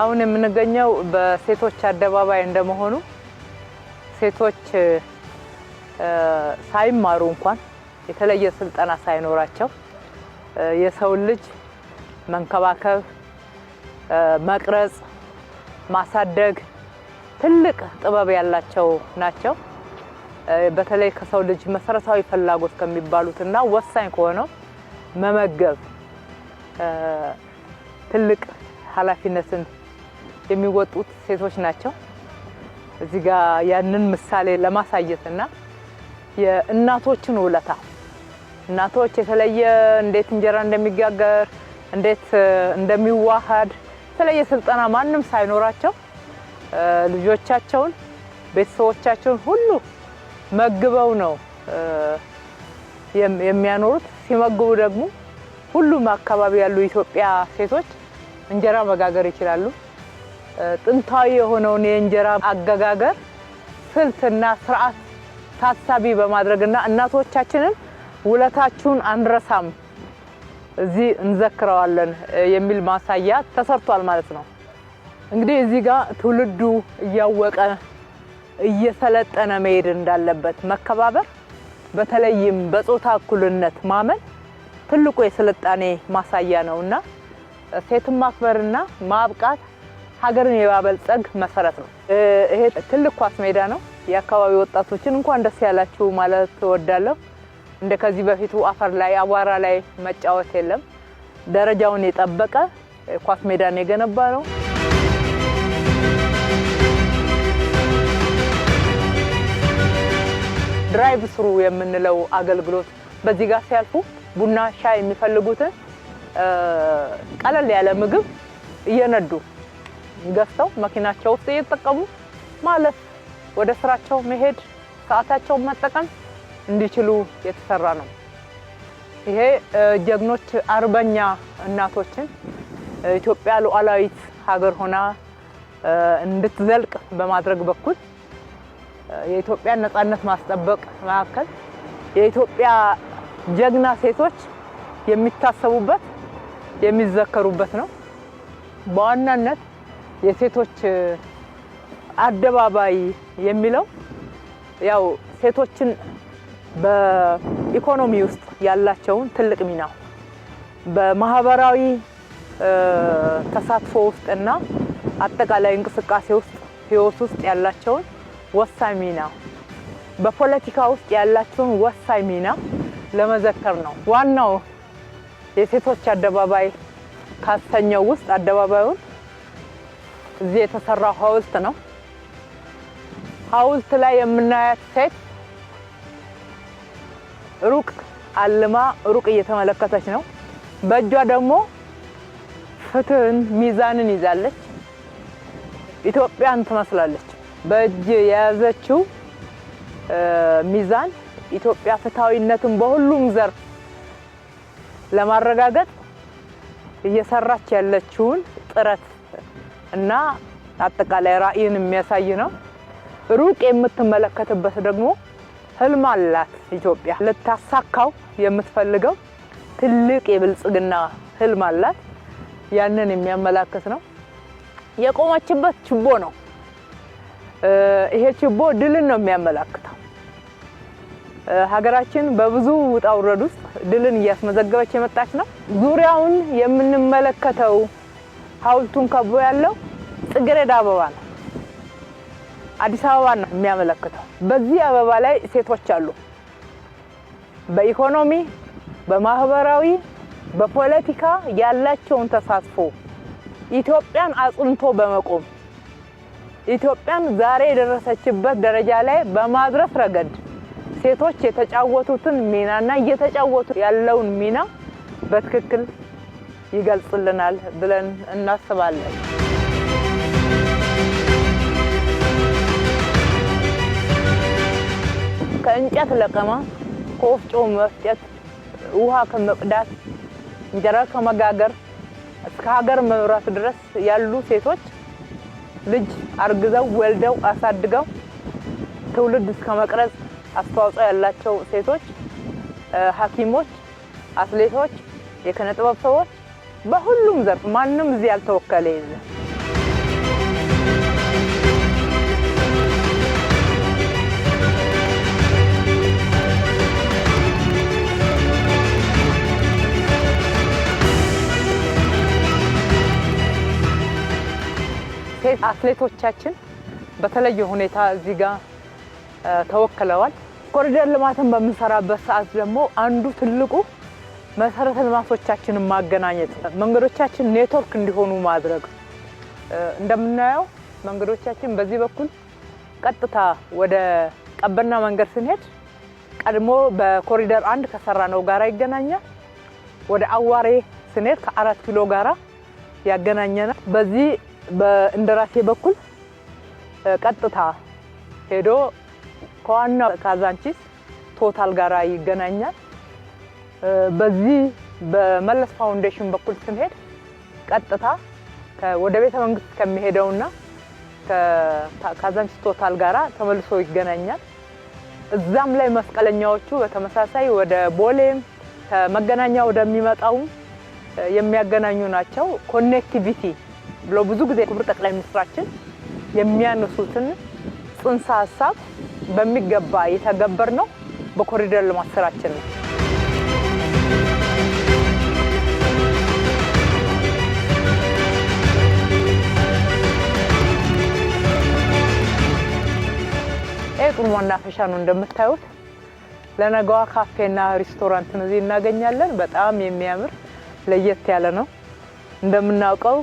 አሁን የምንገኘው በሴቶች አደባባይ እንደመሆኑ ሴቶች ሳይማሩ እንኳን የተለየ ስልጠና ሳይኖራቸው የሰውን ልጅ መንከባከብ፣ መቅረጽ፣ ማሳደግ ትልቅ ጥበብ ያላቸው ናቸው። በተለይ ከሰው ልጅ መሰረታዊ ፍላጎት ከሚባሉትና ወሳኝ ከሆነው መመገብ ትልቅ ኃላፊነትን የሚወጡት ሴቶች ናቸው። እዚህ ጋ ያንን ምሳሌ ለማሳየት እና የእናቶችን ውለታ እናቶች የተለየ እንዴት እንጀራ እንደሚጋገር እንዴት እንደሚዋሃድ የተለየ ስልጠና ማንም ሳይኖራቸው ልጆቻቸውን ቤተሰቦቻቸውን ሁሉ መግበው ነው የሚያኖሩት። ሲመግቡ ደግሞ ሁሉም አካባቢ ያሉ ኢትዮጵያ ሴቶች እንጀራ መጋገር ይችላሉ። ጥንታዊ የሆነውን የእንጀራ አገጋገር ስልትና ስርዓት ታሳቢ በማድረግና እናቶቻችንን ውለታችሁን አንረሳም እዚህ እንዘክረዋለን የሚል ማሳያ ተሰርቷል ማለት ነው። እንግዲህ እዚህ ጋር ትውልዱ እያወቀ እየሰለጠነ መሄድ እንዳለበት መከባበር፣ በተለይም በጾታ እኩልነት ማመን ትልቁ የስልጣኔ ማሳያ እና ሴትን ማክበርና ማብቃት ሀገርን የማበልጸግ መሰረት ነው። ይሄ ትልቅ ኳስ ሜዳ ነው። የአካባቢ ወጣቶችን እንኳን ደስ ያላችሁ ማለት እወዳለሁ። እንደ ከዚህ በፊቱ አፈር ላይ አቧራ ላይ መጫወት የለም። ደረጃውን የጠበቀ ኳስ ሜዳን የገነባ ነው። ድራይቭ ስሩ የምንለው አገልግሎት በዚህ ጋር ሲያልፉ ቡና፣ ሻይ የሚፈልጉትን ቀለል ያለ ምግብ እየነዱ ገፍተው መኪናቸው ውስጥ እየተጠቀሙ ማለፍ፣ ወደ ስራቸው መሄድ፣ ሰዓታቸውን መጠቀም እንዲችሉ የተሰራ ነው። ይሄ ጀግኖች አርበኛ እናቶችን ኢትዮጵያ ሉዓላዊት ሀገር ሆና እንድትዘልቅ በማድረግ በኩል የኢትዮጵያን ነጻነት ማስጠበቅ መካከል የኢትዮጵያ ጀግና ሴቶች የሚታሰቡበት የሚዘከሩበት ነው። በዋናነት የሴቶች አደባባይ የሚለው ያው ሴቶችን በኢኮኖሚ ውስጥ ያላቸውን ትልቅ ሚና በማህበራዊ ተሳትፎ ውስጥ እና አጠቃላይ እንቅስቃሴ ውስጥ ህይወት ውስጥ ያላቸውን ወሳኝ ሚና በፖለቲካ ውስጥ ያላቸውን ወሳኝ ሚና ለመዘከር ነው። ዋናው የሴቶች አደባባይ ካሰኘው ውስጥ አደባባዩን እዚህ የተሰራው ሐውልት ነው። ሐውልት ላይ የምናያት ሴት ሩቅ አልማ ሩቅ እየተመለከተች ነው። በእጇ ደግሞ ፍትህን፣ ሚዛንን ይዛለች። ኢትዮጵያን ትመስላለች። በእጅ የያዘችው ሚዛን ኢትዮጵያ ፍትሐዊነትን በሁሉም ዘርፍ ለማረጋገጥ እየሰራች ያለችውን ጥረት እና አጠቃላይ ራዕይን የሚያሳይ ነው። ሩቅ የምትመለከትበት ደግሞ ህልም አላት ኢትዮጵያ። ልታሳካው የምትፈልገው ትልቅ የብልጽግና ህልም አላት። ያንን የሚያመላክት ነው። የቆመችበት ችቦ ነው። ይሄ ችቦ ድልን ነው የሚያመላክተው። ሀገራችን በብዙ ውጣ ውረድ ውስጥ ድልን እያስመዘገበች የመጣች ነው። ዙሪያውን የምንመለከተው ሐውልቱን ከቦ ያለው ጽጌረዳ አበባ ነው። አዲስ አበባን ነው የሚያመለክተው። በዚህ አበባ ላይ ሴቶች አሉ። በኢኮኖሚ፣ በማህበራዊ፣ በፖለቲካ ያላቸውን ተሳትፎ ኢትዮጵያን አጽንቶ በመቆም ኢትዮጵያን ዛሬ የደረሰችበት ደረጃ ላይ በማድረስ ረገድ ሴቶች የተጫወቱትን ሚና እና እየተጫወቱ ያለውን ሚና በትክክል ይገልጽልናል ብለን እናስባለን። ከእንጨት ለቀማ፣ ከወፍጮ መፍጨት፣ ውሃ ከመቅዳት፣ እንጀራ ከመጋገር እስከ ሀገር መምራት ድረስ ያሉ ሴቶች ልጅ አርግዘው ወልደው አሳድገው ትውልድ እስከ መቅረጽ አስተዋጽኦ ያላቸው ሴቶች፣ ሐኪሞች፣ አትሌቶች፣ የኪነ ጥበብ ሰዎች በሁሉም ዘርፍ ማንም እዚህ ያልተወከለ የለም። ሴት አትሌቶቻችን በተለየ ሁኔታ እዚህ ጋር ተወክለዋል። ኮሪደር ልማትን በምንሰራበት ሰዓት ደግሞ አንዱ ትልቁ መሰረተ ልማቶቻችንን ማገናኘት፣ መንገዶቻችን ኔትወርክ እንዲሆኑ ማድረግ። እንደምናየው መንገዶቻችን በዚህ በኩል ቀጥታ ወደ ቀበና መንገድ ስንሄድ ቀድሞ በኮሪደር አንድ ከሰራ ነው ጋራ ይገናኛል። ወደ አዋሬ ስንሄድ ከአራት ኪሎ ጋራ ያገናኘናል። በዚህ በእንደራሴ በኩል ቀጥታ ሄዶ ከዋናው ካዛንቺስ ቶታል ጋራ ይገናኛል። በዚህ በመለስ ፋውንዴሽን በኩል ስንሄድ ቀጥታ ወደ ቤተ መንግስት ከሚሄደውና ካዛንቺስ ቶታል ጋራ ተመልሶ ይገናኛል። እዛም ላይ መስቀለኛዎቹ በተመሳሳይ ወደ ቦሌም ከመገናኛ ወደሚመጣውም የሚያገናኙ ናቸው። ኮኔክቲቪቲ ብሎ ብዙ ጊዜ ክቡር ጠቅላይ ሚኒስትራችን የሚያነሱትን ጽንሰ ሀሳብ በሚገባ የተገበር ነው በኮሪደር ልማት ስራችን ነው። የጥሩ መናፈሻ ነው እንደምታዩት። ለነገዋ ካፌና ሪስቶራንት እዚህ እናገኛለን። በጣም የሚያምር ለየት ያለ ነው። እንደምናውቀው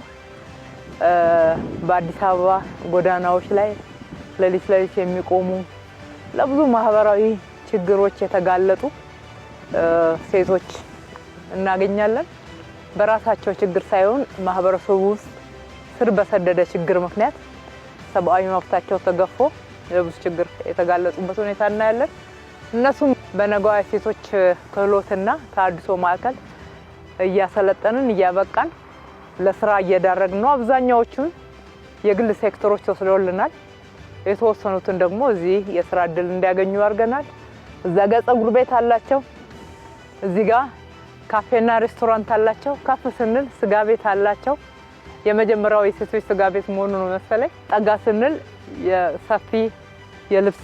በአዲስ አበባ ጎዳናዎች ላይ ሌሊት ሌሊት የሚቆሙ ለብዙ ማህበራዊ ችግሮች የተጋለጡ ሴቶች እናገኛለን። በራሳቸው ችግር ሳይሆን ማህበረሰቡ ውስጥ ስር በሰደደ ችግር ምክንያት ሰብአዊ መብታቸው ተገፎ ለብዙ ችግር የተጋለጹበት ሁኔታ እናያለን። እነሱም በነገዋ ሴቶች ክህሎትና ተሃድሶ ማዕከል እያሰለጠንን እያበቃን ለስራ እየዳረግን ነው። አብዛኛዎቹን የግል ሴክተሮች ተወስደውልናል። የተወሰኑትን ደግሞ እዚህ የስራ እድል እንዲያገኙ አድርገናል። እዛ ጋ ጸጉር ቤት አላቸው፣ እዚህ ጋ ካፌና ሬስቶራንት አላቸው። ከፍ ስንል ስጋ ቤት አላቸው። የመጀመሪያው የሴቶች ስጋ ቤት መሆኑ ነው መሰለኝ። ጠጋ ስንል የሰፊ የልብስ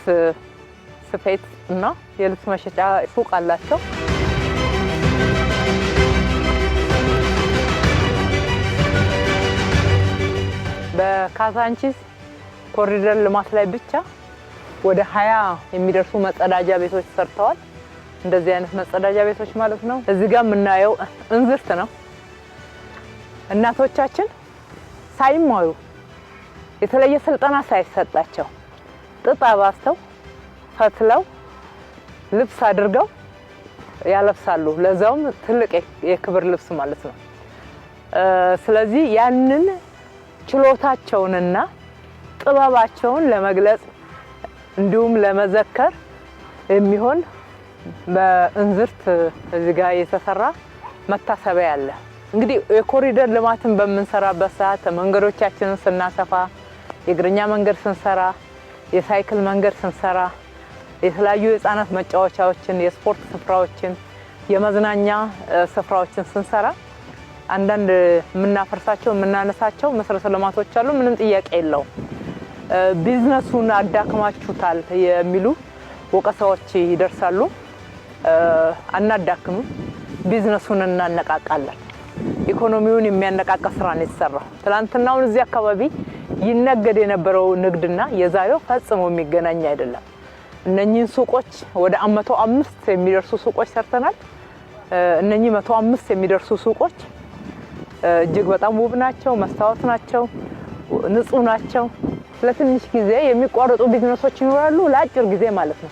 ስፌት እና የልብስ መሸጫ ሱቅ አላቸው። በካዛንቺስ ኮሪደር ልማት ላይ ብቻ ወደ ሀያ የሚደርሱ መጸዳጃ ቤቶች ሰርተዋል። እንደዚህ አይነት መጸዳጃ ቤቶች ማለት ነው። እዚህ ጋር የምናየው እንዝርት ነው። እናቶቻችን ሳይማሩ የተለየ ስልጠና ሳይሰጣቸው ጥጥ አባስተው ፈትለው ልብስ አድርገው ያለብሳሉ። ለዛውም ትልቅ የክብር ልብስ ማለት ነው። ስለዚህ ያንን ችሎታቸውንና ጥበባቸውን ለመግለጽ እንዲሁም ለመዘከር የሚሆን በእንዝርት እዚህ ጋር የተሰራ መታሰቢያ አለ። እንግዲህ የኮሪደር ልማትን በምንሰራበት ሰዓት መንገዶቻችንን ስናሰፋ፣ የእግረኛ መንገድ ስንሰራ የሳይክል መንገድ ስንሰራ የተለያዩ የህፃናት መጫወቻዎችን፣ የስፖርት ስፍራዎችን፣ የመዝናኛ ስፍራዎችን ስንሰራ አንዳንድ የምናፈርሳቸው የምናነሳቸው መሰረተ ልማቶች አሉ። ምንም ጥያቄ የለውም። ቢዝነሱን አዳክማችሁታል የሚሉ ወቀሳዎች ይደርሳሉ። አናዳክምም። ቢዝነሱን እናነቃቃለን። ኢኮኖሚውን የሚያነቃቃ ስራ ነው የተሰራው። ትላንትናውን እዚህ አካባቢ ይነገድ የነበረው ንግድና የዛሬው ፈጽሞ የሚገናኝ አይደለም። እነኚህን ሱቆች ወደ መቶ አምስት የሚደርሱ ሱቆች ሰርተናል። እነኚህ መቶ አምስት የሚደርሱ ሱቆች እጅግ በጣም ውብ ናቸው፣ መስታወት ናቸው፣ ንጹህ ናቸው። ለትንሽ ጊዜ የሚቋረጡ ቢዝነሶች ይኖራሉ፣ ለአጭር ጊዜ ማለት ነው።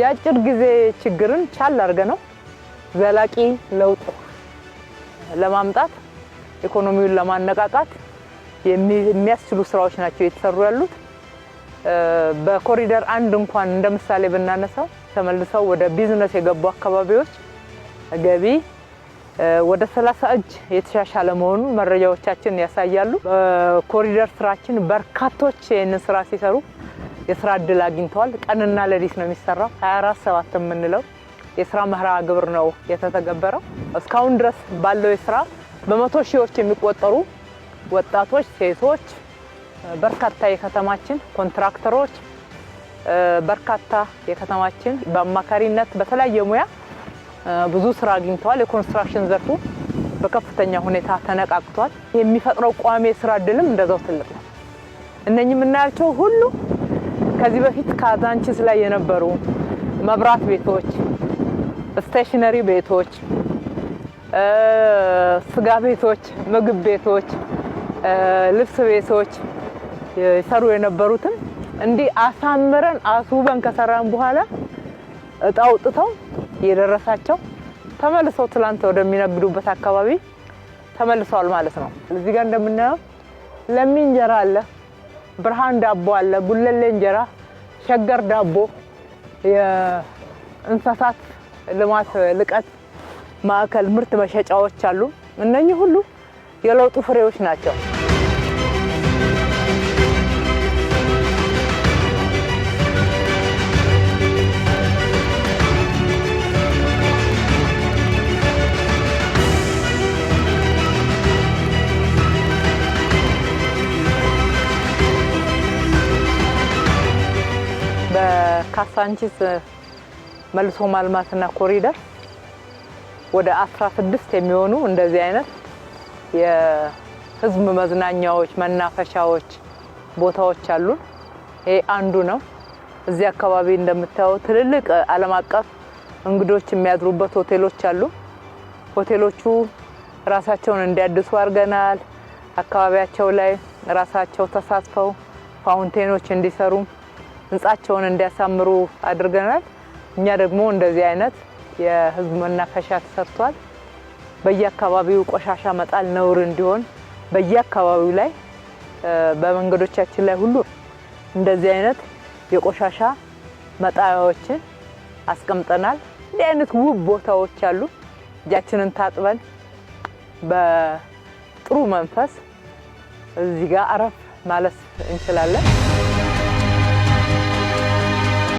የአጭር ጊዜ ችግርን ቻል አድርገ ነው ዘላቂ ለውጥ ለማምጣት ኢኮኖሚውን ለማነቃቃት የሚያስችሉ ስራዎች ናቸው የተሰሩ ያሉት። በኮሪደር አንድ እንኳን እንደ ምሳሌ ብናነሳው ተመልሰው ወደ ቢዝነስ የገቡ አካባቢዎች ገቢ ወደ 30 እጅ የተሻሻለ መሆኑን መረጃዎቻችን ያሳያሉ። በኮሪደር ስራችን በርካቶች ይህንን ስራ ሲሰሩ የስራ እድል አግኝተዋል። ቀንና ሌሊት ነው የሚሰራው። 24 7 የምንለው የስራ መርሃ ግብር ነው የተተገበረው። እስካሁን ድረስ ባለው የስራ በመቶ ሺዎች የሚቆጠሩ ወጣቶች፣ ሴቶች፣ በርካታ የከተማችን ኮንትራክተሮች፣ በርካታ የከተማችን በአማካሪነት በተለያየ ሙያ ብዙ ስራ አግኝተዋል። የኮንስትራክሽን ዘርፉ በከፍተኛ ሁኔታ ተነቃቅቷል። የሚፈጥረው ቋሚ የስራ እድልም እንደዛው ትልቅ ነው። እነኚህ የምናያቸው ሁሉ ከዚህ በፊት ካዛንቺስ ላይ የነበሩ መብራት ቤቶች፣ ስቴሽነሪ ቤቶች፣ ስጋ ቤቶች፣ ምግብ ቤቶች ልብስ ቤቶች ይሰሩ የነበሩትን እንዲህ አሳምረን አስውበን ከሰራን በኋላ እጣ አውጥተው የደረሳቸው ተመልሰው ትላንት ወደሚነግዱበት አካባቢ ተመልሰዋል ማለት ነው። እዚህ ጋር እንደምናየው ለሚ እንጀራ አለ፣ ብርሃን ዳቦ አለ፣ ጉለሌ እንጀራ፣ ሸገር ዳቦ፣ የእንስሳት ልማት ልቀት ማዕከል ምርት መሸጫዎች አሉ። እነኚህ ሁሉ የለውጡ ፍሬዎች ናቸው። በካሳንቺስ መልሶ ማልማትና ኮሪደር ወደ አስራ ስድስት የሚሆኑ እንደዚህ አይነት የህዝብ መዝናኛዎች፣ መናፈሻዎች ቦታዎች አሉን። ይሄ አንዱ ነው። እዚህ አካባቢ እንደምታየው ትልልቅ ዓለም አቀፍ እንግዶች የሚያድሩበት ሆቴሎች አሉ። ሆቴሎቹ ራሳቸውን እንዲያድሱ አድርገናል። አካባቢያቸው ላይ ራሳቸው ተሳትፈው ፋውንቴኖች እንዲሰሩ፣ ህንጻቸውን እንዲያሳምሩ አድርገናል። እኛ ደግሞ እንደዚህ አይነት የህዝብ መናፈሻ ተሰርቷል። በየአካባቢው ቆሻሻ መጣል ነውር እንዲሆን በየአካባቢው ላይ በመንገዶቻችን ላይ ሁሉ እንደዚህ አይነት የቆሻሻ መጣያዎችን አስቀምጠናል። እንዲህ አይነት ውብ ቦታዎች አሉ። እጃችንን ታጥበን በጥሩ መንፈስ እዚህ ጋር አረፍ ማለት እንችላለን።